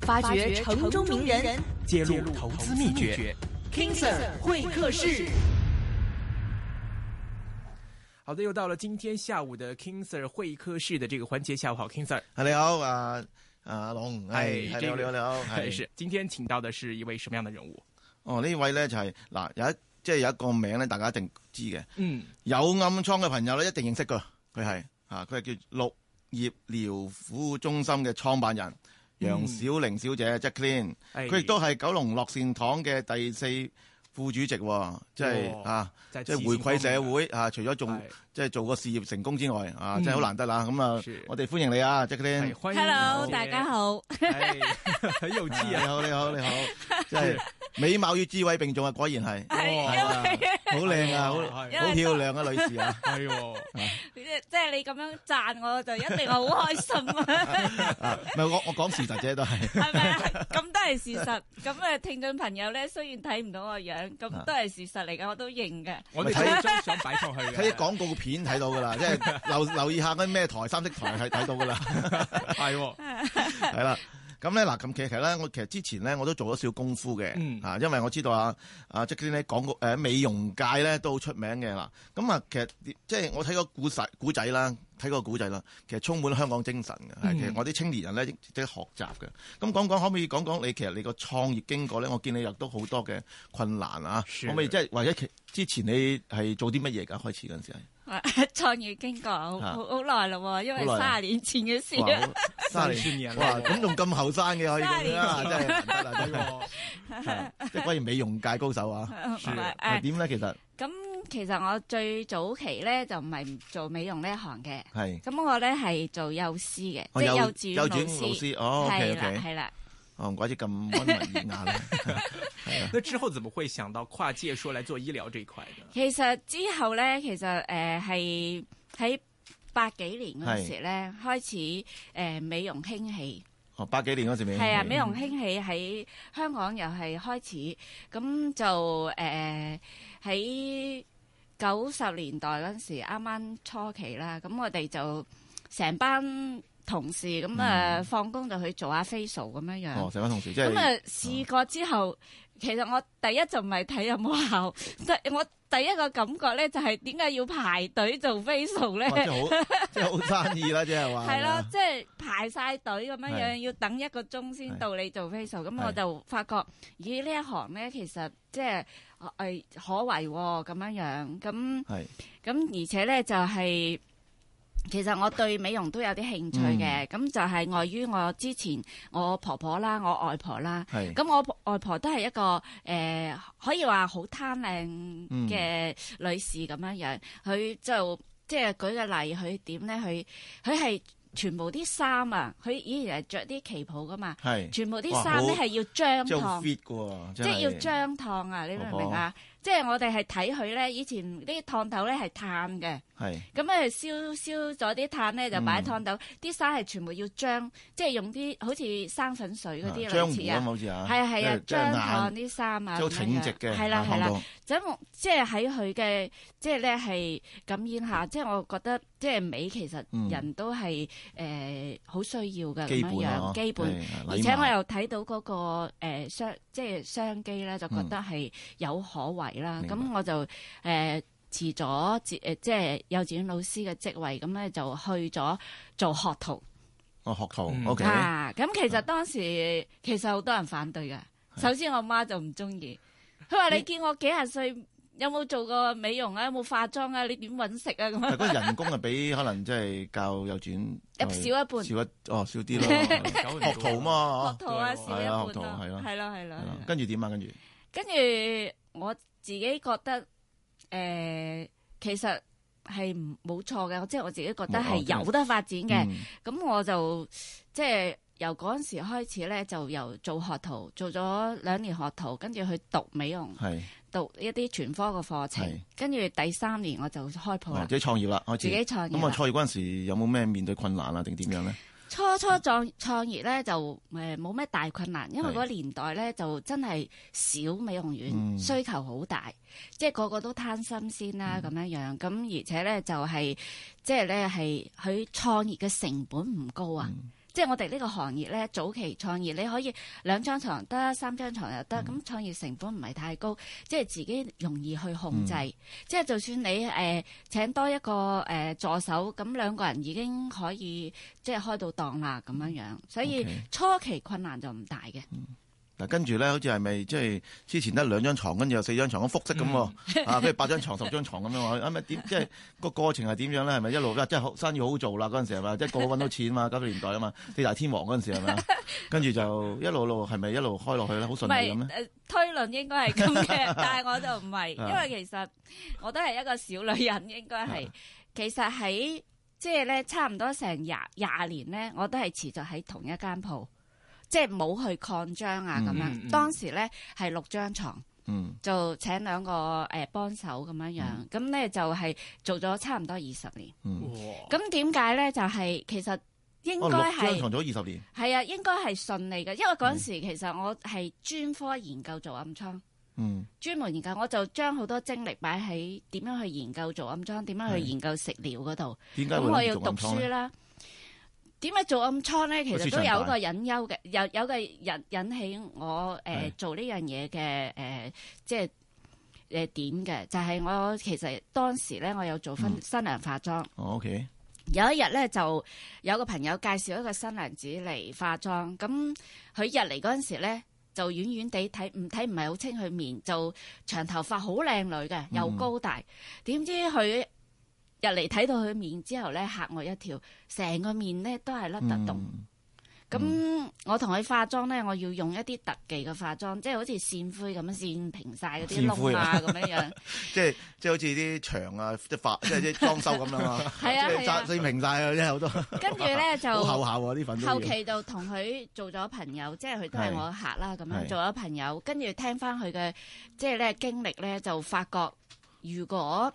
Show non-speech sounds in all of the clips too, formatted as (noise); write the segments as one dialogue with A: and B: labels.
A: 發掘城
B: 中名人，揭露投資秘訣。King Sir, King Sir 會客室，好的，又到了今天下午的 King Sir 會客室的這個環節。下午好，King Sir，
C: 啊，你好啊啊，阿、啊、龍，係你好你好，是，是
B: 今天請到的是一位什麼樣的人物？
C: 哦，呢位呢就係、是、嗱，有一即係、就是、有一個名呢，大家一定知嘅，嗯，有暗瘡嘅朋友呢，一定認識噶，佢係。啊！佢係叫綠葉療膚中心嘅創辦人楊、嗯、小玲小姐 Jacqueline，l 佢亦都係九龍樂善堂嘅第四副主席，即、呃、係、哦、啊，即係回饋社會啊！Forward, 嗯、除咗做即係做個事業成功之外，啊，真係好難得啦！咁啊、呃，我哋歡迎你啊，Jacqueline！Hello，l 大家好，好有志啊！你好，你好，你好，即係。美貌與智慧並重啊，果然係，好靚啊，好漂亮啊！女士啊，
A: 係即係你咁樣讚我，就一定我好開心啊！
C: 唔係我我講事實啫，都係，係咪？
A: 咁都係事實，咁誒，聽眾朋友咧，雖然睇唔到我樣，咁都係事實嚟嘅，我都認
B: 嘅。我哋睇張相擺出去，
C: 睇廣告片睇到噶啦，即係留留意下咩咩台三色台係睇到噶啦，係係啦。咁咧嗱，咁其實咧，我其實之前咧我都做咗少功夫嘅啊，嗯、因為我知道啊啊即咧講過、呃、美容界咧都好出名嘅嗱。咁啊，其實即係我睇個故事古仔啦，睇個古仔啦，其實充滿香港精神嘅、嗯。其實我啲青年人咧值得學習嘅。咁講講可唔可以講講你其實你個創業經過咧？我見你入都好多嘅困難啊，的可唔可以即、就、係、是、或者其之前你係做啲乜嘢㗎開始嗰陣時？
A: 創業經過，好好耐咯，因為卅年前嘅事。
C: 卅年前嘅咁，仲咁後生嘅可以咁啊，真係！即係果然美容界高手啊，係點咧？其實
A: 咁，其實我最早期咧就唔係做美容呢一行嘅，係咁是我咧係做幼師嘅，即係是幼稚園老師。老師哦，OK OK，係啦。
C: 哦，唔怪之咁
B: 溫文爾雅啦。那 (laughs) (laughs) (laughs) 之後怎麼會想到跨界說來做醫療這一塊呢？
A: 其實之後咧，其實誒係喺八幾年嗰時咧是開始誒、呃、美容興起。
C: 哦，八幾年嗰時未？係啊，美容
A: 興起喺香港又係開始。咁就誒喺九十年代嗰時啱啱初期啦。咁我哋就成班同事咁誒放工就去做下 facial 咁樣樣。哦，成班同事咁誒、就是、試過之後，啊、其實我第一就唔係睇有冇效，即係我第一個感覺咧就係點解要排隊做 facial 咧？即
C: 係好生意啦、啊，即係話。係咯，即、就、
A: 係、是、排晒隊咁樣樣，的要等一個鐘先到你做 facial。咁我就發覺，咦？呢一行咧其實即係誒可為咁樣樣。咁咁而且咧就係、是。其實我對美容都有啲興趣嘅，咁、嗯、就係礙於我之前我婆婆啦，我外婆啦，咁是我外婆都係一個誒、呃，可以話好貪靚嘅女士咁樣樣，佢、嗯、就即係、就是、舉個例，佢點咧？佢佢係全部啲衫啊，佢以前係着啲旗袍噶嘛，是全部啲衫咧係要張燙，即
C: 係要張
A: 燙啊！你明唔明啊？婆婆即係我哋係睇佢咧，以前呢啲燙頭咧係炭嘅，咁咧是燒燒咗啲炭咧就擺喺燙頭，啲、嗯、衫係全部要漿，即係用啲好似生粉水嗰啲嚟漿啊，好啊，
C: 係啊係啊，漿燙啲衫啊，好挺直嘅，係啦係啦，
A: 咁即係喺佢嘅即係咧係感染下，即係、嗯、我覺得即係美其實人都係誒好需要嘅咁樣樣基本，基本，而且我又睇到嗰、那個、呃呃嗯即係商機咧，就覺得係有可為啦。咁、嗯、我就誒明白、呃、辭咗自誒即係幼稚園老師嘅職位，咁咧就去咗做學
C: 徒。哦，學徒，O K。嗯、Okay. 啊，
A: 咁其實當時、啊、其實好多人反對嘅。啊、首先我媽，我媽就唔中意，佢話你見我幾廿歲。有冇做過美容啊？有冇化妝啊？你點搵食啊？咁啊，嗰人
C: 工啊，比可能即係教幼稚園，少一半，少一哦少啲咯，學徒嘛嗬，係啊，學徒係咯，係咯係咯，跟住點啊？跟住，
A: 跟住我自己覺得誒，其實係唔冇錯嘅，即係我自己覺得係有得發展嘅。咁我就即係。由嗰陣時開始咧，就由做學徒，做咗兩年學徒，跟住去讀美容，讀一啲全科嘅課程，跟住第三年我就開鋪。自己
C: 創業啦，我自己創業。咁我創業嗰陣時有冇咩面對困難啊？定點樣咧？
A: 初初創創業咧就誒冇咩大困難，因為嗰年代咧就真係少美容院，需求好大，即係個個都貪新鮮啦咁樣樣。咁而且咧就係即係咧係佢創業嘅成本唔高啊。即係我哋呢個行業咧，早期創業你可以兩張床得，三張床又得，咁創、嗯、業成本唔係太高，即係自己容易去控制。嗯、即係就算你誒、呃、請多一個誒、呃、助手，咁兩個人已經可以即係開到檔啦咁樣樣，所以初期困難就唔大嘅。嗯 okay. 嗯
C: 嗱，跟住咧，好似係咪即係之前得兩張床，跟住有四張床咁複式咁喎，啊，跟住八張床、十張床咁樣話，咁咪點即係個過程係點樣咧？係咪一路即係生意好，好做啦？嗰陣時係咪即係個個揾到錢嘛？九十 (laughs) 年代啊嘛，四大天王嗰陣時係咪？跟住就一路路係咪一路開落去咧？好順利咁咧？
A: (laughs) 推論應該係咁嘅， (laughs) 但係我就唔係，因為其實我都係一個小女人，應該係其實喺即係咧，差唔多成廿廿年咧，我都係持續喺同一間鋪。即係冇去擴張啊咁樣，嗯、當時咧係、嗯、六張牀，嗯、就請兩個誒、呃、幫手咁樣樣，咁咧、嗯、就係做咗差唔多二十年。咁點解咧？就係、是、其實應該係牀咗二十年。係啊，應該係順利嘅，因為嗰陣時其實我係專科研究做暗瘡，嗯、專門研究，我就將好多精力擺喺點樣去研究做暗瘡，點樣，樣去研究食療嗰度。點解會做暗瘡咧？點解做暗瘡咧？其實都有一個隱憂嘅，有有個人引起我誒、呃、的做呢樣嘢嘅誒，即係誒點嘅，就係、是、我其實當時咧，我有做婚新娘化妝。嗯哦、OK。有一日咧，就有個朋友介紹一個新娘子嚟化妝。咁佢入嚟嗰陣時咧，就遠遠地睇，唔睇唔係好清佢面，就長頭髮，好靚女嘅，又高大。點、嗯、知佢？入嚟睇到佢面之後咧，嚇我一跳，成個面咧都係甩得洞。咁我同佢化妝咧，我要用一啲特技嘅化妝，即係好似扇灰咁樣扇平晒嗰啲窿啊咁樣樣。
C: 即係即係好似啲牆啊，即係化即係即係裝修咁啦嘛。係啊係啊，扇平晒啊，真係好多。
A: 跟住咧就後期就同佢做咗朋友，即係佢都係我客啦，咁樣做咗朋友。跟住聽翻佢嘅即係咧經歷咧，就發覺。如果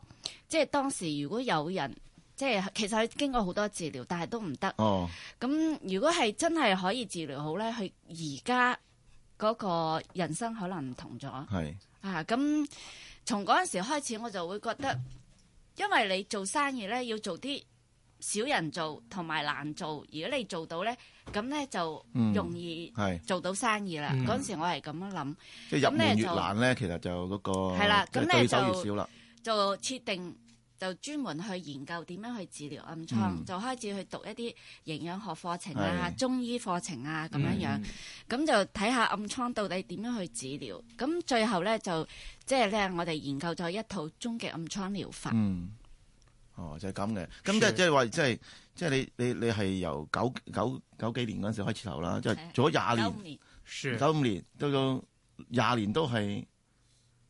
A: 即係當時如果有人即係其實佢經過好多治療，但係都唔得。哦。咁如果係真係可以治療好咧，佢而家嗰個人生可能唔同咗。係。啊，咁從嗰陣時開始，我就會覺得，因為你做生意咧，要做啲少人做同埋難做，如果你做到咧，咁咧就容易做到生意啦。嗰陣時我係咁樣諗。即係入門越難
C: 咧，其實就嗰個係啦。咁咧就對手越少啦。
A: 就設定就專門去研究點樣去治療暗瘡，就開始去讀一啲營養學課程啊、中醫課程啊咁樣樣，咁就睇下暗瘡到底點樣去治療。咁最後咧就即係咧，我哋研究咗一套終極暗瘡療法。
C: 哦，就係咁嘅。咁即係即係話即係即係你你你係由九九九幾年嗰陣時開始頭啦，即係做咗廿年，九五年到到廿年都係。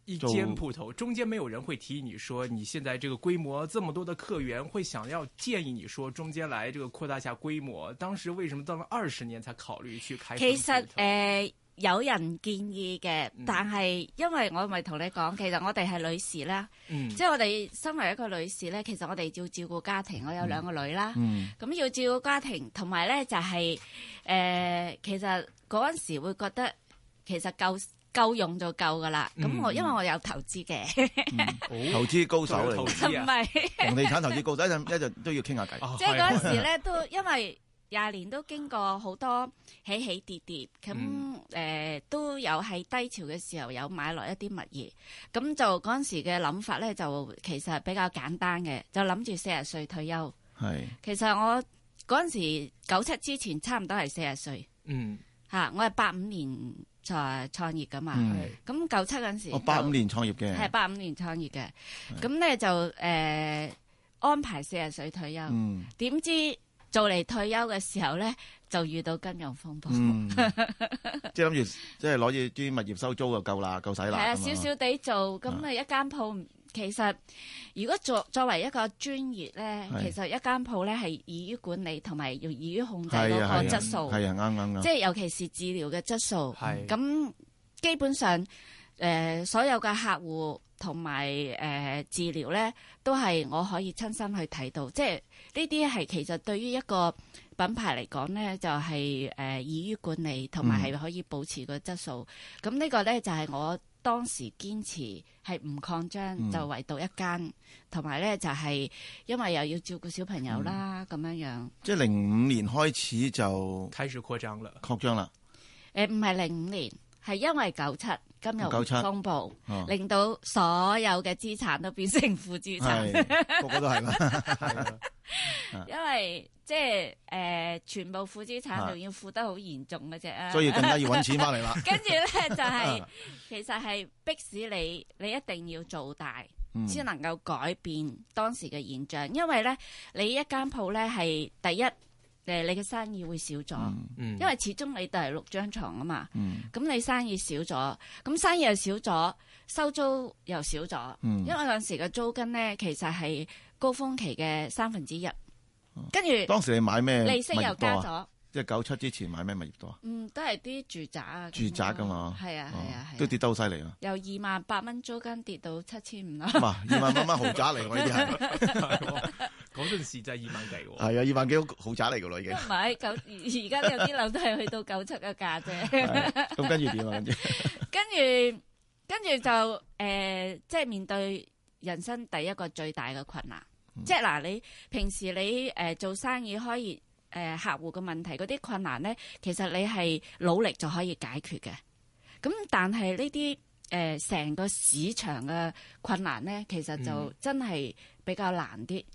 C: 一間鋪
B: 頭中間，沒有人會提議你說，你現在這個規模這麼多的客源，會想要建議你說中間來這個擴大下規模，當時為什麼到了二十年才考慮去開？其實
A: 誒、呃、有人建議嘅，但係因為我咪同你講，其實我哋係女士啦，嗯、即係我哋身為一個女士咧，其實我哋要照顧家庭，我有兩個女啦，咁、嗯嗯、要照顧家庭，同埋咧就係、是、誒、呃、其實嗰陣時會覺得其實夠。夠用就夠噶啦，咁我因為我有投資嘅，
C: 投資高手嚟，唔係房地產投資高手，一陣一陣都要傾下偈。即係嗰時咧，
A: 都因為廿年都經過好多起起跌跌，咁誒都有喺低潮嘅時候有買落一啲物業，咁就嗰陣時嘅諗法咧，就其實比較簡單嘅，就諗住四十歲退休。係，其實我嗰陣時九七之前差唔多係四十歲，嗯，吓我係八五年在創業噶嘛？咁九七嗰陣時，我八五年創業嘅，係八五年創業嘅。咁咧就誒安排四十歲退休，點知做嚟退休嘅時候咧，就遇到金融風暴。
C: 即諗住即攞住啲物業收租就夠啦，夠使啦。係啊，少少
A: 地做，咁啊一間鋪。其實，如果作作為一個專業咧，是其實一間鋪咧係易於管理同埋容易於控制嗰個質素，係啊的，
C: 啱啱啊，即係尤其
A: 是治療嘅質素。咁的基本上，誒、呃、所有嘅客戶同埋誒治療咧，都係我可以親身去睇到，即係呢啲係其實對於一個品牌嚟講咧，就係誒易於管理同埋係可以保持個質素。咁呢、嗯、個咧就係我。當時堅持係唔擴張，嗯、就唯獨一間，同埋咧就係、是、因為又要照顧小朋友啦咁樣、嗯、樣。
C: 即係零五年開始就開始擴張啦，擴張啦。
A: 誒唔係零五年。係因為九七，今日九七風暴，令到所有嘅資產都變成負資產，個個都係， (laughs) 因為即係誒，全部負資產仲要負得好嚴重嘅啫，所以更加要搵錢翻嚟啦。 (laughs) 跟住咧就係、是，其實係逼使你，你一定要做大，先、嗯、能夠改變當時嘅現象。因為咧，你一間鋪咧係第一。誒，你嘅生意會少咗，因為始終你都係六張床啊嘛，咁、嗯、你生意少咗，咁生意又少咗，收租又少咗，因為嗰陣時嘅租金咧，其實係高峰期嘅三分之一，跟住當時你買咩？利息又加咗。
C: 即係九七之前買咩物業多啊？
A: 嗯，都係啲住宅啊。住
C: 宅㗎嘛？係啊，係啊，係。都跌到好犀利啊！
A: 由二萬八蚊租金跌到七千五咯。嘛，二萬八
C: 蚊豪宅嚟喎呢啲係。真係喎，
B: 嗰陣時就係二萬幾
C: 喎。係啊，二萬幾豪宅嚟㗎啦已經。唔
A: 係，九而家有啲樓都係去到九七嘅價啫。咁跟住
C: 點啊？跟
A: 住跟住就誒，即係面對人生第一個最大嘅困難。即係嗱，你平時你誒做生意開業。誒、呃、客戶嘅問題嗰啲困難咧，其實你係努力就可以解決嘅。咁但係呢啲誒成個市場嘅困難咧，其實就真係比較難啲，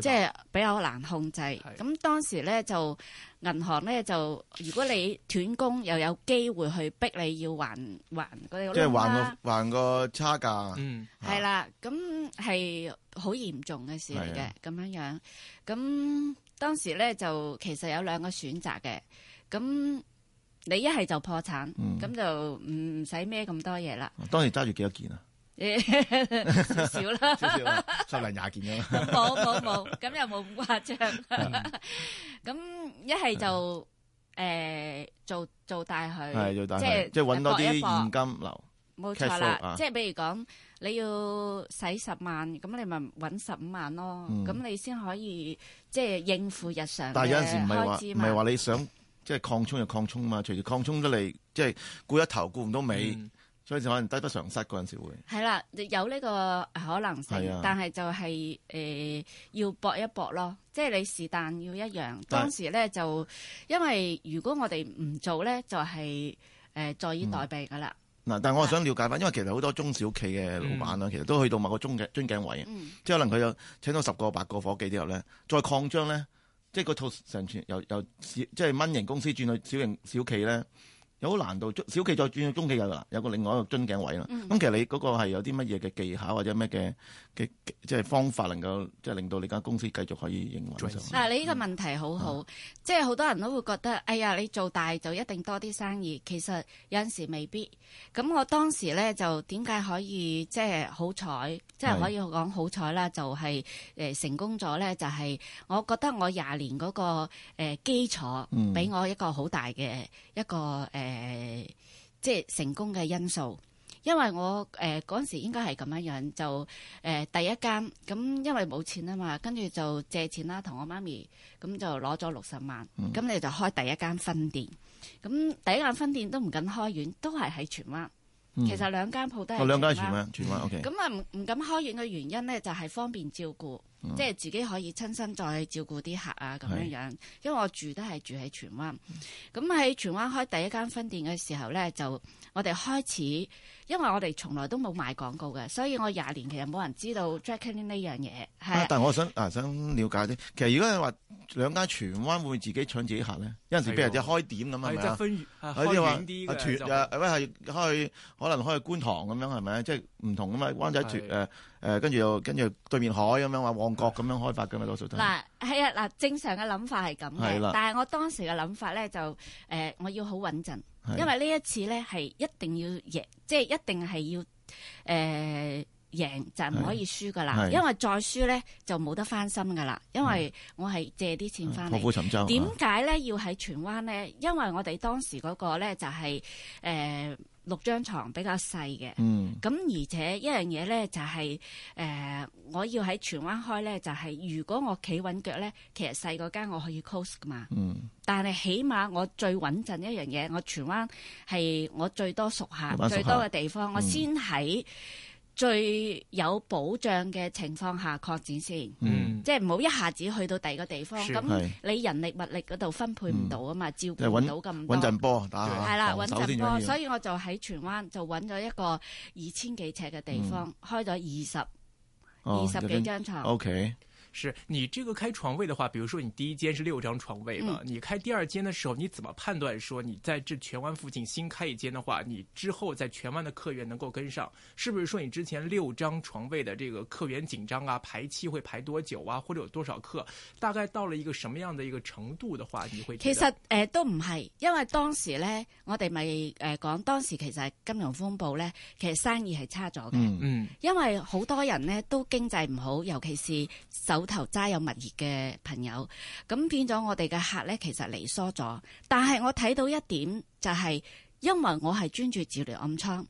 A: 即係、嗯、比較難控制。咁、嗯、當時咧就銀行咧就如果你斷供，又有機會去逼你要還還即係還個
C: 還個差價。嗯，係、
A: 啊、啦，咁係好嚴重嘅事嚟嘅，咁樣樣咁。當時咧就其實有兩個選擇嘅，咁你一係就破產，咁就唔使孭咁多嘢啦。
C: 當時揸住幾多件啊？
A: 少少啦，
C: 最多廿件咁啦。冇冇
A: 冇，咁又冇咁誇張。咁一係就誒做做大佢，即係即係揾多啲現金流。冇錯啦，即係比如講。你要使十萬，咁你咪揾十五萬咯，咁、嗯、你先可以即係、就是、應付日常。但係有陣時唔係話唔係話你
C: 想即係、就是、擴充就擴充嘛，隨住擴充得嚟即係顧一頭顧唔到尾，嗯、所以就可能低得不償失嗰陣時會。
A: 係啦，有呢個可能性，的但係就係、是、誒、呃、要搏一搏咯，即、就、係、是、你是但要一樣。是當時咧就因為如果我哋唔做咧，就係、是、誒、呃呃、坐以待斃噶啦。
C: 嗱，但係我想了解翻，因為其實好多中小企嘅老闆啦，嗯、其實都去到某個中嘅樽頸位，嗯、即係可能佢有請到十個八個伙計之後咧，再擴張咧，即係套成全由由小即係蚊型公司轉去小型小企咧。有好難度，小企再轉到中企又嗱，有個另外一個樽頸位啦。咁、嗯、其實你嗰個係有啲乜嘢嘅技巧或者咩嘅嘅即係方法，能夠即係令到你間公司繼續可以應運上？
A: 嗱，嗯嗯、你呢個問題好好，嗯、即係好多人都會覺得，哎呀，你做大就一定多啲生意。其實有陣時未必。咁我當時咧就點解可以即係好彩，即係可以講好彩啦，就係、是、誒、呃、成功咗咧，就係、是、我覺得我廿年嗰、那個、呃、基礎，俾我一個好大嘅一個誒。呃呃嗯誒、呃，即係成功嘅因素，因為我誒嗰陣時應該係咁樣樣，就誒、呃、第一間，咁因為冇錢啊嘛，跟住就借錢啦，同我媽咪咁就攞咗六十萬，咁你就開第一間分店，咁第一間分店都唔敢開遠，都係喺荃灣。其實兩間鋪都係。兩間係
C: 荃灣，荃
A: 灣 OK。咁啊，唔唔敢開遠嘅原因咧，就係方便照顧。即係自己可以親身再照顧啲客啊咁樣樣，因為我住都係住喺荃灣。咁喺荃灣開第一間分店嘅時候咧，就我哋開始，因為我哋從來都冇賣廣告嘅，所以我廿年其實冇人知道 Dragon 呢樣嘢。係，
C: 但係我想啊，想了解啲，其實如果你話兩間荃灣會自己搶自己客咧？有陣時俾人哋開店咁啊？係啊，開點啲嘅，可能開去觀塘咁樣係咪？即係唔同啊嘛，灣仔團誒、呃、跟住又跟住對面海咁樣，話旺角咁樣開發嘅，咪多數都嗱，
A: 係啊，嗱正常嘅諗法係咁嘅，的但係我當時嘅諗法咧就，誒、呃、我要好穩陣，的因為呢一次咧係一定要贏，即、就、係、是、一定係要誒、呃、贏就唔可以輸噶啦，因為再輸咧就冇得翻身噶啦，因為我係借啲錢翻嚟，點解咧要喺荃灣咧？啊、因為我哋當時嗰個咧就係、是、誒。呃呃六張床比較細嘅，咁、嗯、而且一樣嘢咧就係、是，誒、呃，我要喺荃灣開咧、就是，就係如果我企揾腳企穩腳咧，其實細嗰間我可以 close 噶嘛。嗯、但係起碼我最穩陣一樣嘢，我荃灣係我最多熟客、不不熟客最多嘅地方，嗯、我先喺。嗯最有保障嘅情況下擴展先，嗯、即係唔好一下子去到第二個地方。咁、嗯、你人力物力嗰度分配唔到啊嘛，嗯、照顧唔到咁多穩陣
C: 波打下，打係啦，穩陣波。所以
A: 我就喺荃灣就揾咗一個二千幾尺嘅地方，嗯、開咗二十、哦、二十
B: 幾張牀。是你這個開床位的話，比如說你第一間是六張床位嘛，嗯，你開第二間的時候，你怎麼判斷說你在這荃灣附近新開一間的話，你之後在荃灣的客源能夠跟上？是不是說你之前六張床位的這個客源緊張啊，排期會排多久啊，或者有多少客，大概到了一個什麼樣的一個程度的話，你會？其實誒、
A: 呃、都唔係，因為當時呢，我哋咪誒講當時其實金融風暴呢，其實生意係差咗嘅，嗯，嗯，因為好多人呢都經濟唔好，尤其是受。手頭揸有物業嘅朋友，咁變咗我哋嘅客咧，其實離疏咗。但係我睇到一點就係，因為我係專注治療暗瘡，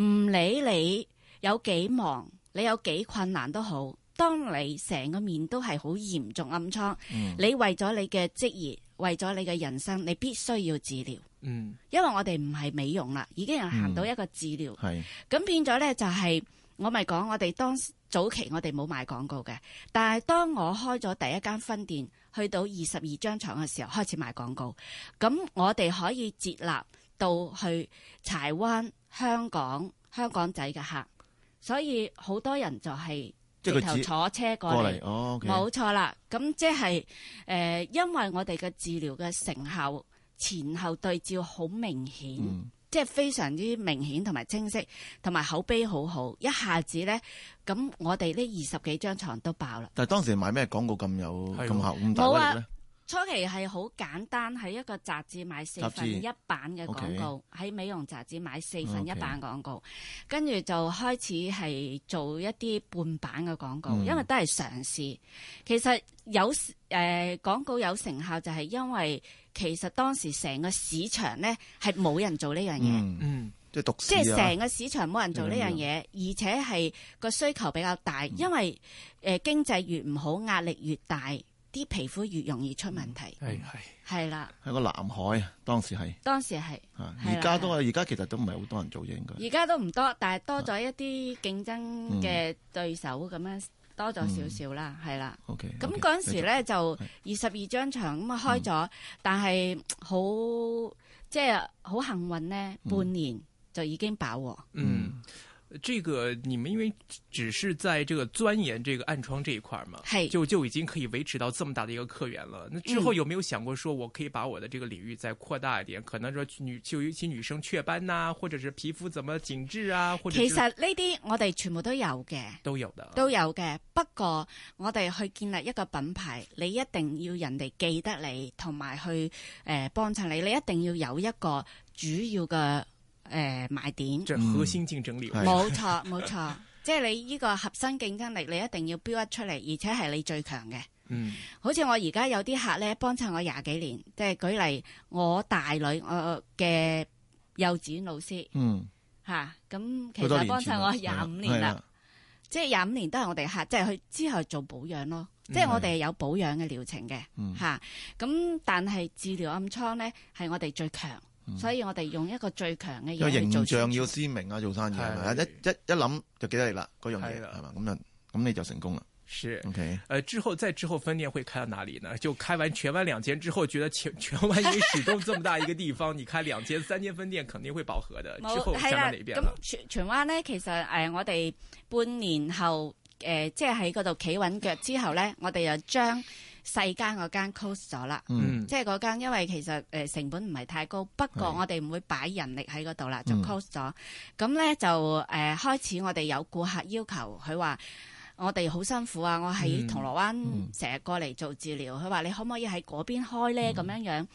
A: 唔理你有幾忙，你有幾困難都好。當你成個面都係好嚴重暗瘡，嗯、你為咗你嘅職業，為咗你嘅人生，你必須要治療。嗯，因為我哋唔係美容啦，已經係行到一個治療。係、嗯，咁變咗咧就係、是，我咪講我哋當時。早期我哋冇賣廣告嘅，但係當我開咗第一間分店，去到二十二張床嘅時候，開始賣廣告。咁我哋可以接納到去柴灣、香港、香港仔嘅客，所以好多人就係直頭坐車過嚟，冇錯啦。咁即係誒，因為我哋嘅治療嘅成效前後對照好明顯。嗯即係非常之明顯同埋清晰，同埋口碑好好，一下子咧，咁我哋呢二十幾張床都爆啦。
C: 但係當時買咩廣告咁有咁效咁大威力咧？
A: 初期係好簡單，喺一個雜誌買四份一版嘅廣告，喺 Okay. 美容雜誌買四份一版嘅廣告，跟住 Okay. 就開始係做一啲半版嘅廣告，嗯、因為都係嘗試。其實有誒、呃、廣告有成效，就係因為其實當時成個市場呢係冇人做呢樣
C: 嘢，嗯嗯、即係讀、啊，即係成個
A: 市場冇人做呢樣嘢，而且係個需求比較大，嗯、因為誒、呃、經濟越唔好，壓力越大。啲皮膚越容易出問題。係係係啦，
C: 係個藍海當時係，當時係啊，而家都而家其實都唔係好多人做嘅，應該而
A: 家都唔多，但係多咗一啲競爭嘅對手咁樣多咗少少啦，係啦。
C: OK，咁嗰陣時咧
A: 就二十二張牆咁啊開咗，但係好即係好幸運咧，半年就已經飽和。嗯。
B: 這個你們因為只是在這個鑽研這個暗瘡這一塊嘛，是就就已經可以維持到這麼大的一個客源了。那之後有沒有想過說，我可以把我的這個領域再擴大一點？嗯、可能說女就尤其女生雀斑呐、啊，或者是皮膚怎麼緊緻啊？或者其實
A: 呢啲我哋全部都有嘅，
B: 都有的，
A: 都有嘅。不過我哋去建立一個品牌，你一定要人哋記得你，同埋去誒幫襯你，你一定要有一個主要嘅。誒、呃，賣
B: 點即係核心競爭力。冇錯，
A: 冇錯，即係你呢個核心競爭力，你一定要標一出嚟，而且係你最強嘅。
B: 嗯，
A: 好似我而家有啲客咧，幫襯我廿幾年，即、就、係、是、舉例，我大女我嘅幼稚園老師，
C: 嗯，
A: 吓咁、啊、其實幫襯我廿五年啦，
C: 年
A: 即係廿五年都係我哋客，即係去之後做保養咯，嗯、即係我哋有保養嘅療程嘅，吓咁、嗯啊，但係治療暗瘡咧係我哋最強。所以我哋用一個最強嘅形象
C: 要鮮明啊！做生意是的 一一一諗就記得你啦，嗰樣嘢係嘛，咁是的 就咁你就成功啦。OK，
B: 誒之後再之後分店會開到哪裏呢？就開完荃灣兩間之後，覺得荃荃灣已經始終這麼大一個地方， (laughs) 你開兩間、三間分店肯定會飽和嘅。 (laughs) 之後開到另一邊，咁
A: 荃荃灣咧，其實誒、呃、我哋半年後誒、呃、即係喺嗰度企穩腳之後呢，我哋又將。細間嗰間 close 咗啦，嗯、即係嗰間，因為其實誒成本唔係太高，不過我哋唔會擺人力喺嗰度啦，嗯、就 close 咗。咁咧就誒開始，我哋有顧客要求，佢話我哋好辛苦啊，我喺銅鑼灣成日過嚟做治療，佢話、嗯嗯、你可唔可以喺嗰邊開咧？咁、嗯、樣樣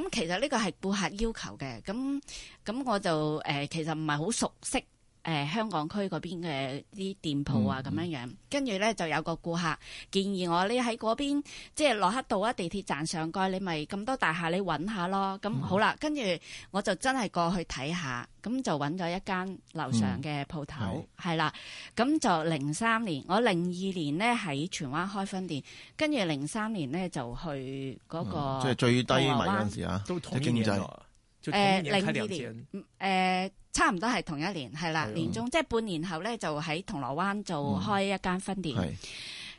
A: 咁，其實呢個係顧客要求嘅。咁咁我就誒、呃、其實唔係好熟悉。誒、呃、香港區嗰邊嘅啲店鋪啊，咁樣、嗯、樣，跟住咧就有個顧客建議我你喺嗰邊，即係洛克道啊，地鐵站上蓋，你咪咁多大廈，你揾下咯。咁好啦，跟住我就真係過去睇下，咁就揾咗一間樓上嘅鋪頭，係、嗯、啦。咁就零三年，我零二年呢喺荃灣開分店，跟住零三年呢就去嗰、嗰個，嗯、即係
C: 最低迷嗰陣時啊，都統一嘅。誒，零二年，
A: 誒，差唔多係同一年，係啦，年中，即係半年後咧，就喺銅鑼灣做開一間分店。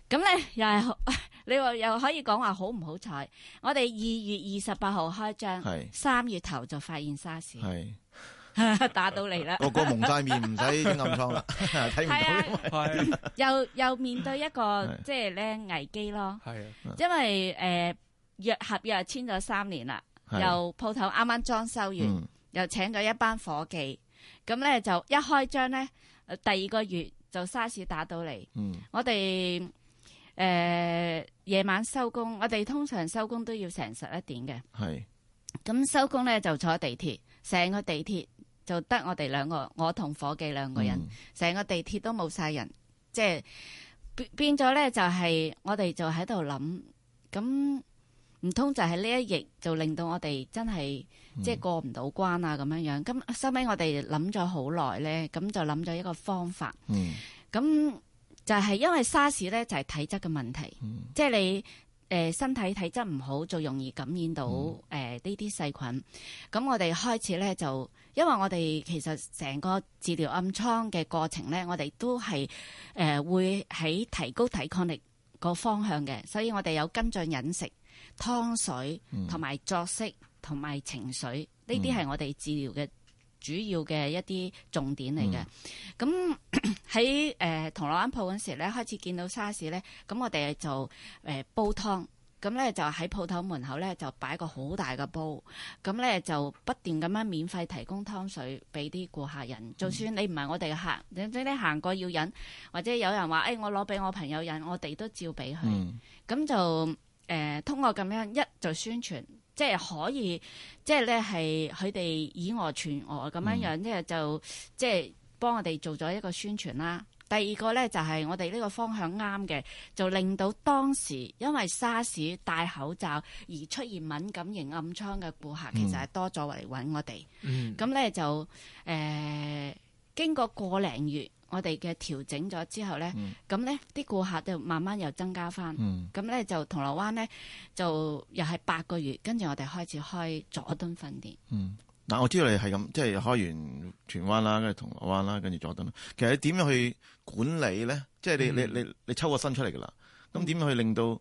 A: 咁咧又係，好，你話又可以講話好唔好彩？我哋二月二十八號開張，係，三月頭就發現沙士，係打到嚟啦。個個蒙晒面，唔
C: 使整暗瘡啦，睇唔到。
A: 又又面對一個即係咧危機咯，
C: 係，啊，因
A: 為誒約合約簽咗三年啦。又鋪頭啱啱裝修完，嗯、又請咗一班伙計，咁咧就一開張咧，第二個月就沙士打到嚟，嗯呃。我哋誒夜晚收工，我哋通常收工都要成十一點嘅。
C: 係是，
A: 咁收工咧就坐地鐵，成個地鐵就得我哋兩個，我同伙計兩個人，成、嗯、個地鐵都冇晒人，即係變變咗咧就係我哋就喺度諗咁。唔通就係呢一役，就令到我哋真係即係過唔到關啊，咁樣樣咁收尾，我哋諗咗好耐咧，咁就諗咗一個方法。咁、嗯、就係因為沙士咧就係體質嘅問題，嗯、即係你誒、呃、身體體質唔好就容易感染到誒呢啲細菌。咁我哋開始咧就，因為我哋其實成個治療暗瘡嘅過程咧，我哋都係誒、呃、會喺提高抵抗力個方向嘅，所以我哋有跟進飲食。湯水同埋作息同埋情緒，呢啲係我哋治療嘅主要嘅一啲重點嚟嘅。咁喺誒銅鑼灣鋪嗰時咧，開始見到沙士咧，咁我哋就誒、呃、煲湯，咁咧就喺鋪頭門口咧就擺個好大嘅煲，咁咧就不斷咁樣免費提供湯水俾啲顧客人。嗯、就算你唔係我哋嘅客，你你行過要飲，或者有人話誒、欸、我攞俾我朋友飲，我哋都照俾佢。咁就、嗯。嗯誒，通過咁樣一就宣傳，即係可以，即係咧係佢哋以訛傳訛咁樣樣，嗯、即係就即係幫我哋做咗一個宣傳啦。第二個咧就係、是、我哋呢個方向啱嘅，就令到當時因為沙士戴口罩而出現敏感型暗瘡嘅顧客，嗯、其實係多咗嚟搵我哋。咁咧、嗯、就誒、呃，經過，過個零月。我哋嘅調整咗之後咧，咁咧啲顧客就慢慢又增加翻，咁咧、嗯、就銅鑼灣咧就又係八個月，跟住我哋開始開佐敦訓練。嗯，
C: 嗱、嗯，我知道你係咁，即係開完荃灣啦，跟住銅鑼灣啦，跟住佐敦。其實你點樣去管理咧？即係你你你你抽個身出嚟㗎啦，咁點樣去令到？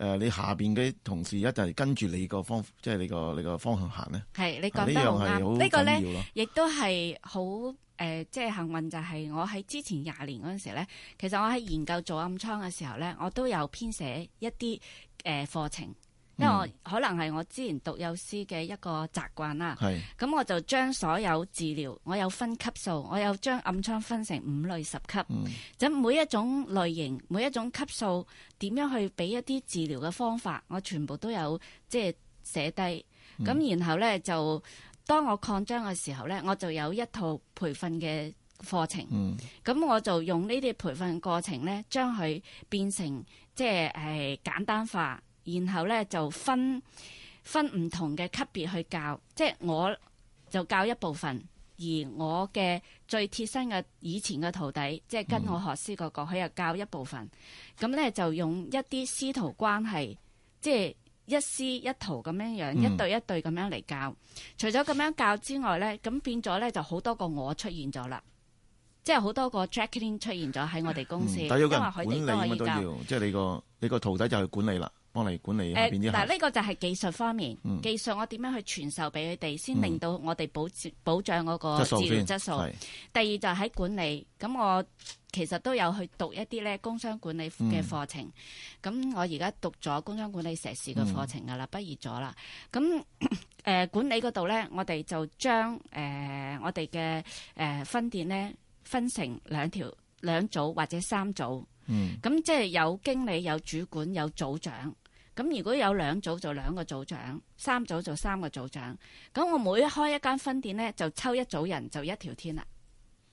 C: 誒、呃，你下邊嘅同事一就係跟住你個方，即係你個你個方向行咧。係，你講得啱。個呢個咧，
A: 亦都係好誒，即、呃、係、就係、幸運，就係我喺之前廿年嗰陣時咧，其實我喺研究做暗瘡嘅時候咧，我都有編寫一啲誒課程。因為可能係我之前讀幼師嘅一個習慣啦，咁是我就將所有治療，我有分級數，我有將暗瘡分成五類十級，咁、嗯、每一種類型、每一種級數點樣去俾一啲治療嘅方法，我全部都有即係寫低。咁、嗯、然後咧就當我擴張嘅時候咧，我就有一套培訓嘅課程，咁、嗯、我就用呢啲培訓過程咧，將佢變成即係係簡單化。然後咧就分分唔同嘅級別去教，即係我就教一部分，而我嘅最貼身嘅以前嘅徒弟，即係跟我學師、那個個喺度教一部分。咁咧、嗯、就用一啲師徒關係，即係一師一徒咁樣樣、嗯、一對一對咁樣嚟教。除咗咁樣教之外咧，咁變咗咧就好多個我出現咗啦，即係好多個 Jacqueline 出現咗喺我哋公司，嗯、因為佢哋都可以教，管理乜都要，即、
C: 就、係、是、你個你個徒弟就去管理啦。幫你管理嗱，呢
A: 個就係技術方面。嗯、技術我點樣去傳授俾佢哋，先、嗯、令到我哋保保障嗰個質素質素。第二就喺管理，咁我其實都有去讀一啲咧工商管理嘅課程。嗯。咁我而家讀咗工商管理碩士嘅課程㗎啦，畢業咗啦。咁誒、呃、管理嗰度咧，我哋就將誒、呃、我哋嘅誒分店咧分成兩條兩組或者三組。嗯。咁即係有經理、有主管、有組長。咁如果有兩組做兩個組長，三組做三個組長。咁我每開一間分店呢，就抽一組人就一條天啦。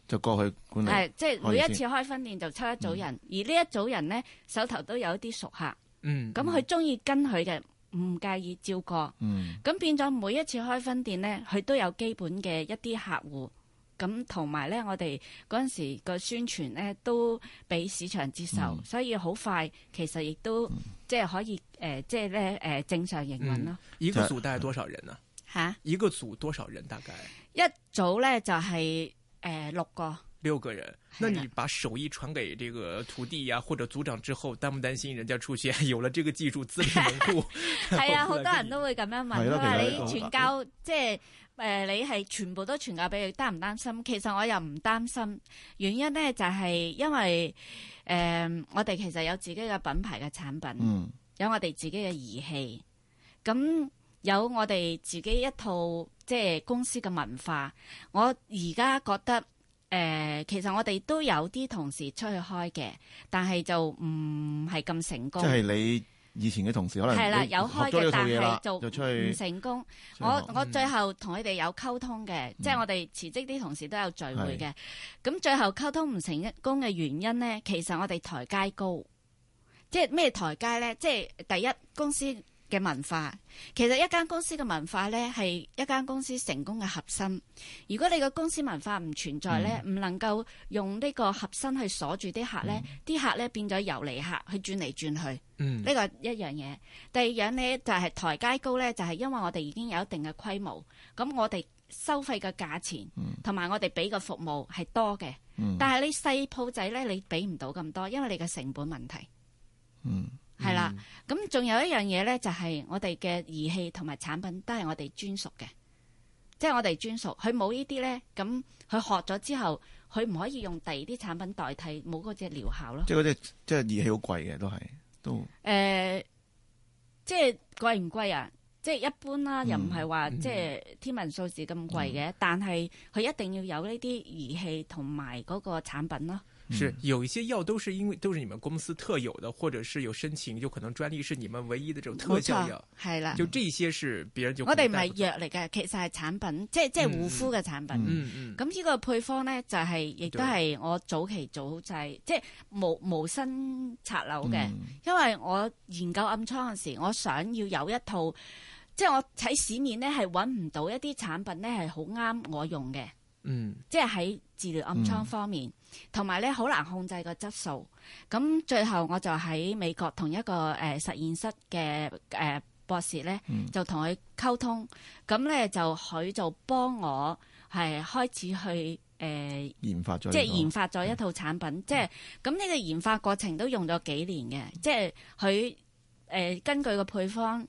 C: 就過去管理。即係、即係、每一次
A: 開分店就抽一組人，而呢一組人呢，手頭都有一啲熟客。嗯。咁佢中意跟佢嘅，唔、嗯、介意招過。嗯。咁變咗每一次開分店呢，佢都有基本嘅一啲客戶。咁同埋咧，我哋嗰陣時個宣傳咧都俾市場接受，所以好快其實亦都即係可以誒，即係咧誒，正常營運咯。嗯、一個組大
B: 概多少人啊？嚇、啊！一個組多少人？大概
A: 一組咧就係誒六個。
B: 六個人，那你把手藝傳給呢個徒弟呀，或者組長之後，擔唔擔心人家出現有了這個技術自立門戶？係啊，好多人
A: 都會咁樣問，你傳交，即係。誒，你係全部都傳教俾佢，擔唔擔心？其實我又唔擔心，原因咧就係、是、因為誒、呃，我哋其實有自己嘅品牌嘅產品，嗯、有我哋自己嘅儀器，咁有我哋自己一套即係、就是、公司嘅文化。我而家覺得誒、呃，其實我哋都有啲同事出去開嘅，但係就唔係咁成功。即係
C: 你。以前嘅同事可能係啦，有開嘅，但係就唔成
A: 功。我我最後同佢哋有溝通嘅，即係、嗯、我哋辭職啲同事都有聚會嘅。咁的最後溝通唔成功嘅原因咧，其實我哋台階高，即係咩台階咧？即係第一公司。嘅文化，其實一間公司嘅文化呢，係一間公司成功嘅核心。如果你個公司文化唔存在呢，唔、嗯、能夠用呢個核心去鎖住啲客呢，啲、嗯、客呢變咗遊離客去轉嚟轉去。呢個、嗯、係一樣嘢。第二樣呢，就係台階高呢，就係、是、因為我哋已經有一定嘅規模，咁我哋收費嘅價錢，同埋、嗯、我哋俾嘅服務係多嘅，嗯、但係你細鋪仔呢，你俾唔到咁多，因為你嘅成本問題。嗯。係啦，咁仲有一樣嘢咧，就係我哋嘅儀器同埋產品都係我哋專屬嘅，即係我哋專屬。佢冇呢啲咧，咁佢學咗之後，佢唔可以用第二啲產品代替，冇嗰隻療效咯。即
C: 係嗰啲，即係儀器好貴嘅，都係都。
A: 誒，即係貴唔貴啊？即係一般啦，又唔係話即係天文數字咁貴嘅，嗯、但係佢一定要有呢啲儀器同埋嗰個產品咯。
B: 是有一些藥都是因為都是你們公司特有的，或者是有申請，就可能專利是你們唯一的這種特效藥。係啦，就這些是別人就我哋唔係藥
A: 嚟嘅，其實係產品，即係即係護膚嘅產品。嗯咁呢、嗯嗯、個配方呢，就係、是、亦都係我早期早製，對即係無無心插柳嘅，嗯、因為我研究暗瘡嘅時，我想要有一套，即係我喺市面呢，係揾唔到一啲產品呢，係好啱我用嘅。嗯，即係喺治療暗瘡方面，同埋咧，好難控制個質素。咁最後我就喺美國同一個誒、呃、實驗室嘅誒、呃、博士咧，嗯、就同佢溝通。咁咧就佢就幫我係開始去誒、
C: 呃、研發咗，即係研發
A: 咗一套產品。即係咁呢個研發過程都用咗幾年嘅。即係佢誒根據個配方。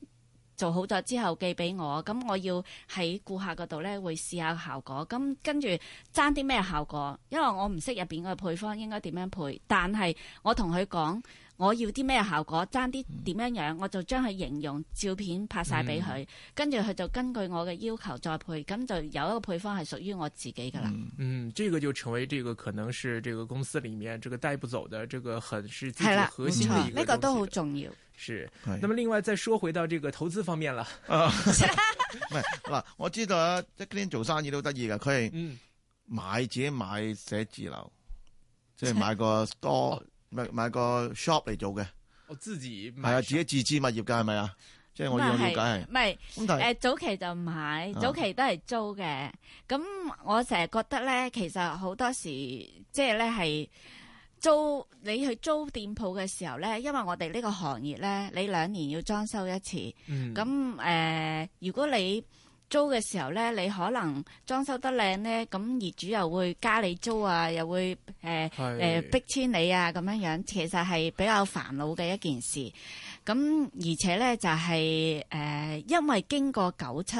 A: 做好咗之後寄俾我，咁我要喺顧客嗰度呢會試下效果，咁跟住爭啲咩效果？因為我唔識入面個配方應該點樣配，但係我同佢講。我要啲咩效果，爭啲點樣樣，我就將佢形容照片拍晒俾佢，跟住佢就根據我嘅要求再配，咁就有一個配方係屬於我自己噶啦、嗯。嗯，
B: 呢、這個就成為這個可能是這個公司裏面這個帶不走的，這個很是係啦，唔錯、嗯，呢、嗯嗯嗯這個都好重要。是。咁麼另外再說回到這個投資方面啦。
C: 係嗱，我知道啊，一丁做生意都得意噶，佢係買自己買寫字樓，即、就、係、是、買個 store。 (laughs) 買買個 shop 嚟做嘅，我自己係啊，自己自資物業噶係咪啊？即係我了解係，唔係誒，
A: 早期就唔係，早期都係租嘅。咁、啊、我成日覺得咧，其實好多時即係咧係租你去租店鋪嘅時候咧，因為我哋呢個行業咧，你兩年要裝修一次。嗯。咁誒、呃，如果你。租嘅時候咧，你可能裝修得靚咧，咁業主又會加你租啊，又會誒誒逼遷你啊，咁樣樣其實係比較煩惱嘅一件事。咁而且咧就係、是、誒、呃，因為經過九七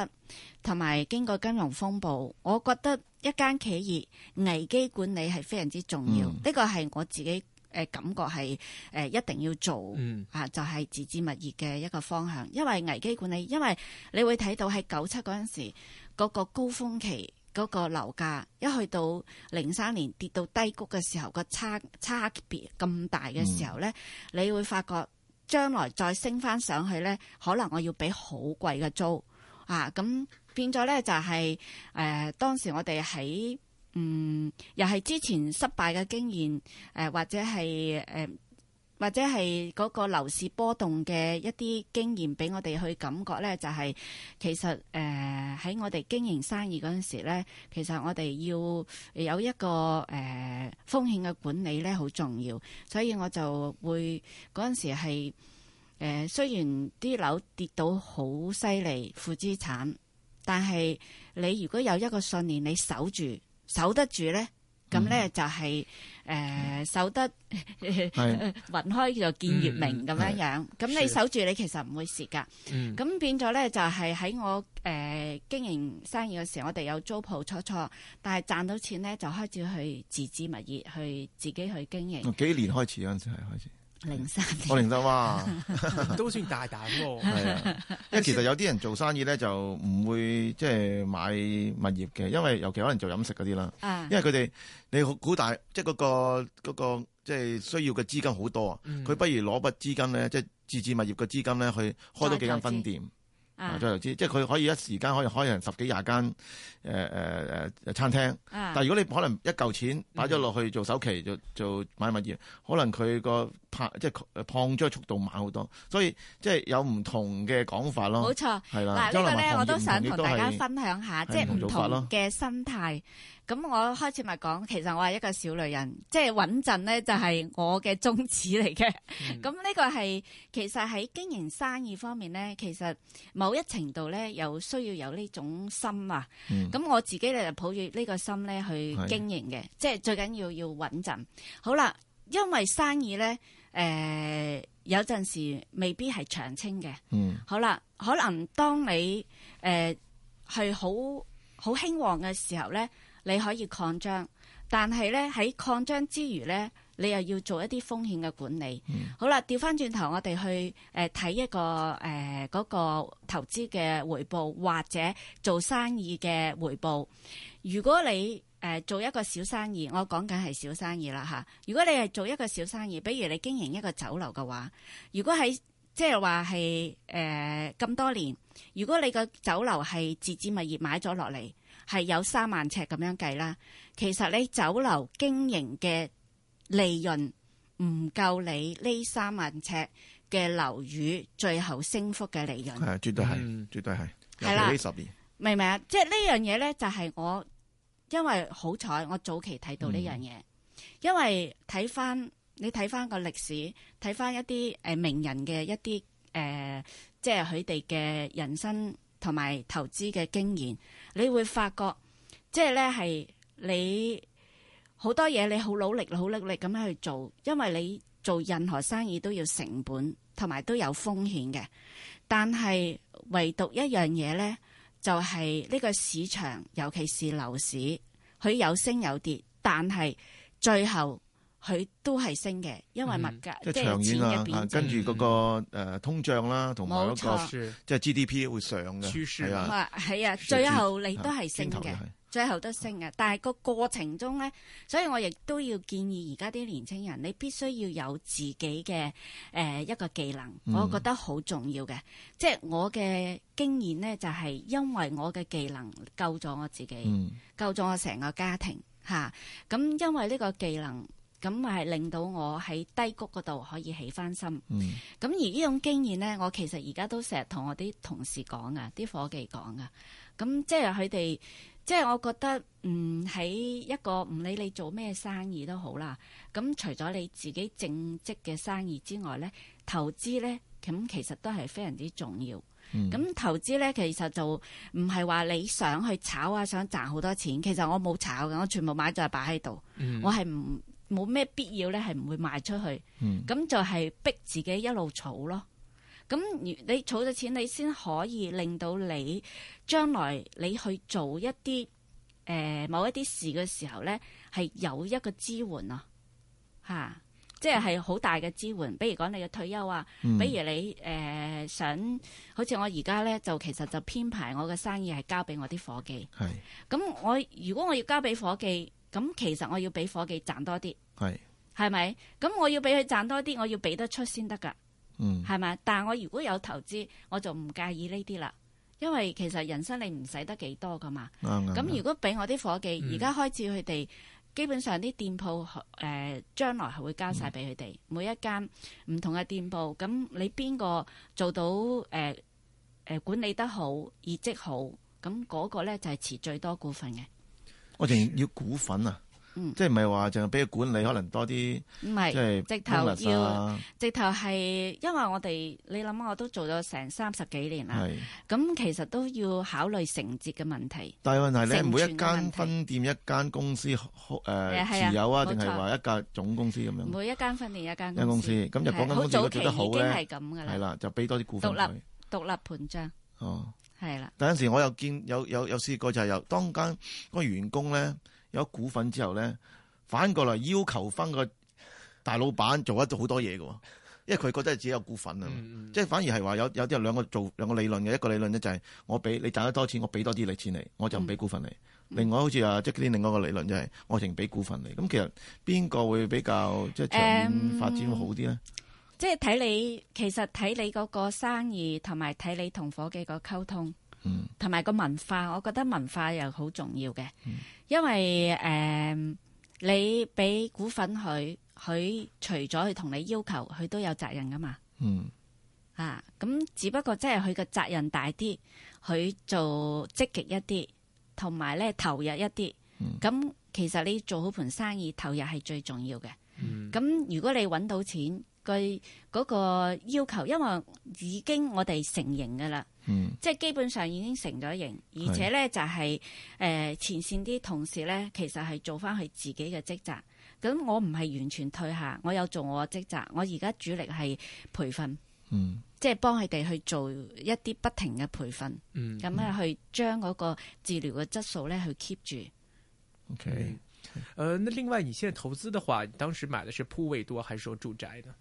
A: 同埋經過金融風暴，我覺得一間企業危機管理係非常之重要。呢個係我自己。誒感覺係誒一定要做、嗯、啊，就係、是、自置物業嘅一個方向，因為危機管理，因為你會睇到喺九七嗰陣時嗰、那個高峰期嗰、那個樓價，一去到零三年跌到低谷嘅時候，個差差別咁大嘅時候咧，嗯、你會發覺將來再升翻上去咧，可能我要俾好貴嘅租啊，咁變咗咧就係、是、誒、呃、當時我哋喺。嗯，又係之前失敗嘅經驗，誒、呃，或者係誒、呃，或者係嗰個樓市波動嘅一啲經驗，俾我哋去感覺咧，就係、是、其實誒喺、呃、我哋經營生意嗰陣時咧，其實我哋要有一個誒、呃、風險嘅管理咧，好重要，所以我就會嗰陣時係誒、呃，雖然啲樓跌到好犀利，負資產，但係你如果有一個信念，你守住。守得住咧，咁咧就係、是、誒、嗯呃、守得雲 (laughs) 開就見月明咁樣、嗯、樣，咁、嗯、你守住，的你其實唔會蝕噶。咁、嗯、變咗咧，就係喺我誒經營生意嘅時候，我哋有租鋪初初，但係賺到錢咧，就開始去自置物業去自己去經營。幾
C: 年開始嗰陣時係開始。零三，我零三哇，
B: (laughs) 都算大膽喎、啊 (laughs) 啊。因
C: 為其實有啲人做生意咧就唔會即係買物業嘅，因為尤其可能做飲食嗰啲啦。嗯、因為佢哋你好大，即係嗰個即係、那個就是、需要嘅資金好多啊。佢不如攞筆資金咧，即、就、係、是、自置物業嘅資金咧，去開多幾間分店。再投資，啊啊、即係佢可以一時間可以開人十幾廿間誒誒誒餐廳。啊、但係如果你可能一嚿錢擺咗落去做首期，做、嗯、做買物業，可能佢個拍即係擴張速度慢好多。所以即係有唔同嘅講法咯。冇錯，係啦。嗱呢個咧，我都想同大家分享下，即係唔同嘅
A: 心態。咁我開始咪講，其實我係一個小女人，即係穩陣咧，就係我嘅宗旨嚟嘅。咁呢、嗯、個係其實喺經營生意方面咧，其實某一程度咧，又需要有呢種心啊。咁、嗯、我自己咧就抱住呢個心咧去經營嘅，是即係最緊要要穩陣。好啦，因為生意咧，誒、呃、有陣時未必係長青嘅。嗯、好啦，可能當你誒係好好興旺嘅時候咧。你可以擴張，但係咧喺擴張之餘咧，你又要做一啲風險嘅管理。嗯、好啦，調翻轉頭，我哋去誒睇一個誒嗰個投資嘅回報，或者做生意嘅回報。如果你誒、呃、做一個小生意，我講緊係小生意啦嚇。如果你係做一個小生意，比如你經營一個酒樓嘅話，如果喺即係話係誒咁多年，如果你個酒樓係自置物業買咗落嚟。係有三萬尺咁樣計啦，其實你酒樓經營嘅利潤唔夠你呢三萬尺嘅樓宇最後升幅嘅利潤，係，
C: 絕對係，絕對係，係啦呢十年，
A: 明唔明啊？即係呢樣嘢咧，就係我因為好彩我早期睇到呢樣嘢，嗯、因為睇翻你睇翻個歷史，睇翻一啲誒名人嘅一啲誒、呃，即係佢哋嘅人生。同埋投資嘅經驗，你會發覺即係咧係你好多嘢，你好努力，好努力咁樣去做，因為你做任何生意都要成本，同埋都有風險嘅。但係唯獨一樣嘢呢，就係呢個市場，尤其是樓市，佢有升有跌，但係最後，佢都係升嘅，因為物價即係長遠入
C: 邊，跟住嗰個誒通脹啦，同埋、嗯、一個即係 GDP 會上嘅係書啊，
A: 係啊，最後你都係升嘅，書書書最後都升嘅。書書啊、但係個過程中咧，所以我亦都要建議而家啲年青人，你必須要有自己嘅誒、呃、一個技能，我覺得好重要嘅。即係、嗯、我嘅經驗咧，就係、是、因為我嘅技能救咗我自己，嗯、救咗我成個家庭吓。咁、啊、因為呢個技能。咁咪令到我喺低谷嗰度可以起翻心。咁、嗯、而呢種經驗呢，我其實而家都成日同我啲同事講啊，啲伙計講啊。咁即係佢哋，即係我覺得，嗯，喺一個唔理你做咩生意都好啦。咁除咗你自己正職嘅生意之外呢，投資呢，咁其實都係非常之重要。咁、嗯、投資呢，其實就唔係話你想去炒啊，想賺好多錢。其實我冇炒嘅，我全部買就係擺喺度。嗯、我係唔。冇咩必要咧，係唔會賣出去，咁、嗯、就係逼自己一路儲咯。咁你儲咗錢，你先可以令到你將來你去做一啲誒、呃、某一啲事嘅時候咧，係有一個支援啊，吓、啊，即係係好大嘅支援。比如講你嘅退休啊，嗯、比如你誒、呃、想，好似我而家咧，就其實就編排我嘅生意係交俾我啲伙計，係。咁我如果我要交俾伙計。咁其實我要俾伙計賺多啲，係係咪？咁我要俾佢賺多啲，我要俾得出先得噶，係咪、嗯？但係我如果有投資，我就唔介意呢啲啦，因為其實人生你唔使得幾多噶嘛。咁、嗯、如果俾我啲伙計，而家、嗯、開始佢哋基本上啲店鋪誒、呃、將來係會交晒俾佢哋，嗯、每一間唔同嘅店鋪，咁你邊個做到誒誒、呃呃呃、管理得好，業績好，咁嗰個咧就係持最多股份嘅。我仲
C: 要股份啊，即係唔係話淨係俾佢管理，可能多啲，
A: 唔係，即係直頭要，直頭係，因為我哋你諗我都做咗成三十幾年啦，咁其實都要考慮承接嘅問題。
C: 但係問題你每一間分店、一間公司，誒持有啊，定係話一間總公司咁樣。
A: 每一間分店、一間公司，
C: 咁就講緊如果做得好咧，係啦，就俾多啲股份獨立，
A: 獨立盤賬。
C: 哦。係啦，但有時我又見有有有試過就係由當間嗰個員工咧有股份之後咧，反過來要求翻個大老闆做得到好多嘢㗎，因為佢覺得自己有股份啊，嗯嗯、即係反而係話有有啲兩個做兩個理論嘅，一個理論咧就係我俾你賺得多錢，我俾多啲你錢你，我就唔俾股份你。嗯嗯、另外好似啊，即啲另外一個理論就係愛情俾股份你。咁其實邊個會比較即係長遠發展會好啲咧？嗯
A: 即係睇你，其實睇你嗰個生意，同埋睇你同伙計個溝通，同埋、嗯、個文化。我覺得文化又好重要嘅，嗯、因為誒、呃、你俾股份佢，佢除咗佢同你要求，佢都有責任噶嘛。嗯啊，咁只不過即係佢嘅責任大啲，佢做積極一啲，同埋咧投入一啲。咁、嗯、其實你做好盤生意，投入係最重要嘅。咁、嗯、如果你搵到錢，佢嗰個要求，因為已經我哋成型噶啦，嗯、即係基本上已經成咗型，而且咧就係誒前線啲同事咧，其實係做翻佢自己嘅職責。咁我唔係完全退下，我有做我嘅職責。我而家主力係培訓，嗯、即係幫佢哋去做一啲不停嘅培訓，咁啊、嗯嗯、去將嗰個治療嘅質素咧去 keep 住。
B: OK，誒，那另外你現在投資的話，你當時買的是鋪位多還是說住宅呢？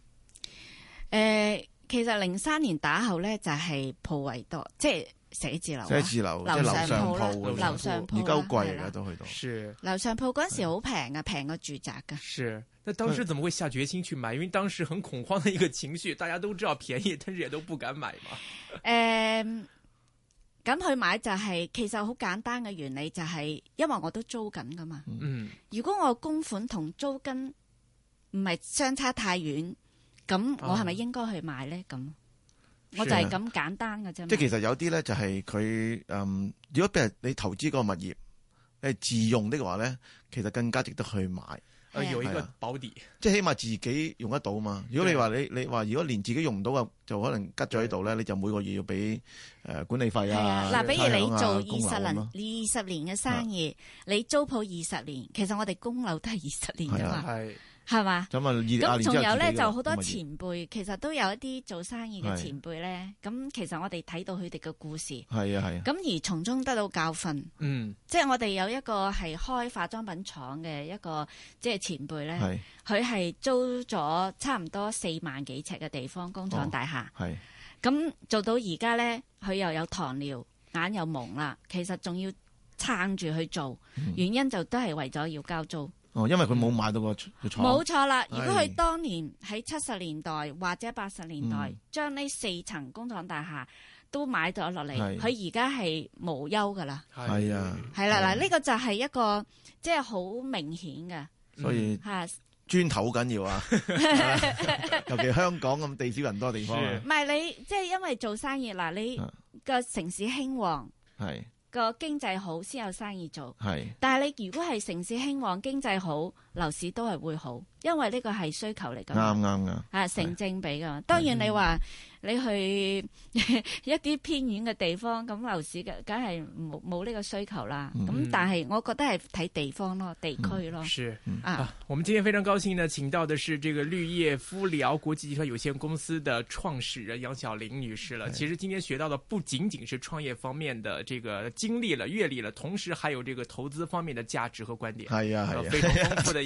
A: 誒、呃，其實零三年打後咧就係鋪位多，即係寫字樓，寫字樓即係樓上鋪樓上鋪而家好貴啊，
C: 都去到。
A: 樓上鋪嗰陣時好平啊，平過住宅噶，啊。
C: 是，
B: 那當時怎麼會下決心去買？因為當時很恐慌的一個情緒，大家都知道便宜，但係也都不敢買嘛。誒 (laughs) 、
A: 呃，咁去買就係、是，其實好簡單嘅原理，就是，就係因為我都租緊噶嘛。嗯、如果我供款同租金唔係相差太遠。咁我係咪應該去買咧？咁
C: 我就係咁簡單嘅啫。即係其實有啲咧，就係佢，嗯，如果譬如你投資個物業，誒，自用的話咧，其實更加值得去買。誒，有一個保底，即係起碼自己用得到嘛。如果你話你你話如果連自己用唔到嘅，就可能吉咗喺度咧，你就每個月要俾誒管理費啊。嗱，比如你做二十年，你
A: 二十年嘅生意，你租鋪二十年，其實我哋供樓都係二十年噶嘛。
C: 係嘛？咁仲、嗯、有咧，就好多前
A: 輩，其實都有一啲做生意嘅前輩咧。咁的其實我哋睇到佢哋嘅故事。係啊係啊。咁而從中得到教訓。嗯。即係我哋有一個係開化妝品廠嘅一個即係前輩咧，佢係的租咗差唔多四萬幾尺嘅地方工廠大廈。係、哦。咁做到而家咧，佢又有糖尿，眼又朦啦，其實仲要撐住去做，嗯、原因就都係為咗要交租。
C: 哦，因為佢冇買到個錯，冇錯啦。如果佢
A: 當年喺七十年代或者八十年代將呢四層工廠大廈都買咗落嚟，佢而家係無憂噶啦。
C: 係啊，係
A: 啦嗱，呢個就係一個即係好明顯嘅，
C: 所以啊，磚頭好緊要啊，
A: 尤其
C: 香港咁地少人多地方。唔
A: 係你，即係因為做生意嗱，你個城市興旺係。個經濟好先有生意做，係是，但係你如果係城市興旺、經濟好。樓市都係會好，因為呢個係需求嚟㗎。啱啱啊，係成正比㗎。對當然你話你去一啲偏遠嘅地方，咁、嗯、樓市嘅梗係冇冇呢個需求啦。咁、嗯、但係我覺得係睇地方咯，嗯、地區咯。是
B: 嗯、啊，啊，我們今天非常高興呢，請到的是這個綠葉療膚國際集團有限公司的創始人楊小玲女士了。啊、其實今天學到的不僅僅是創業方面的這個經歷了、閱歷了，同時還有這個投資方面的價值和觀點。係啊吧，係啊，